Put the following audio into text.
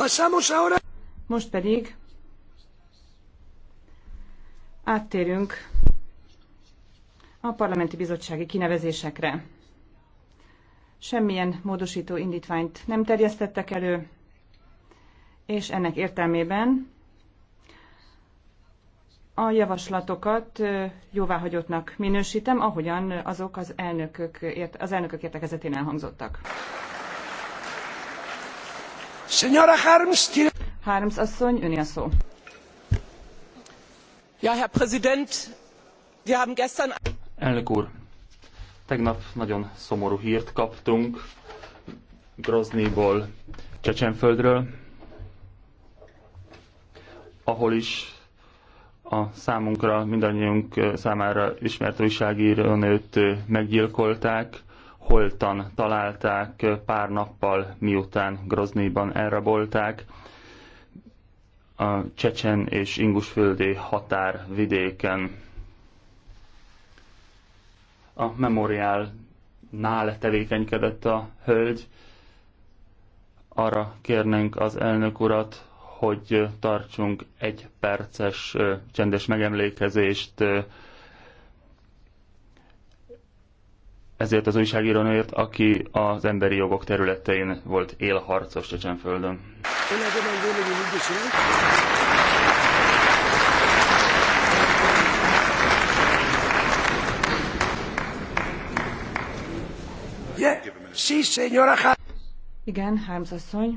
Pasamos ahora. Most pedig áttérünk a parlamenti bizottsági kinevezésekre. Semmilyen módosító indítványt nem terjesztettek elő, és ennek értelmében a javaslatokat jóváhagyottnak minősítem, ahogyan azok az elnökök, az elnökök értekezetén elhangzottak. Elnök úr, tegnap nagyon szomorú hírt kaptunk Groznyból, Csecsenföldről, ahol is a számunkra, mindannyiunk számára ismert újságírónőt meggyilkolták, holtan találták pár nappal, miután Groznyban elrabolták. A Csecsen és Ingusföldi határvidéken a memoriál memoriálnál tevékenykedett a hölgy. Arra kérnénk az elnök urat, hogy tartsunk egy perces csendes megemlékezést ezért az újságírónőért, aki az emberi jogok területein volt élharcos Csecsenföldön. Igen, Hámzasszony.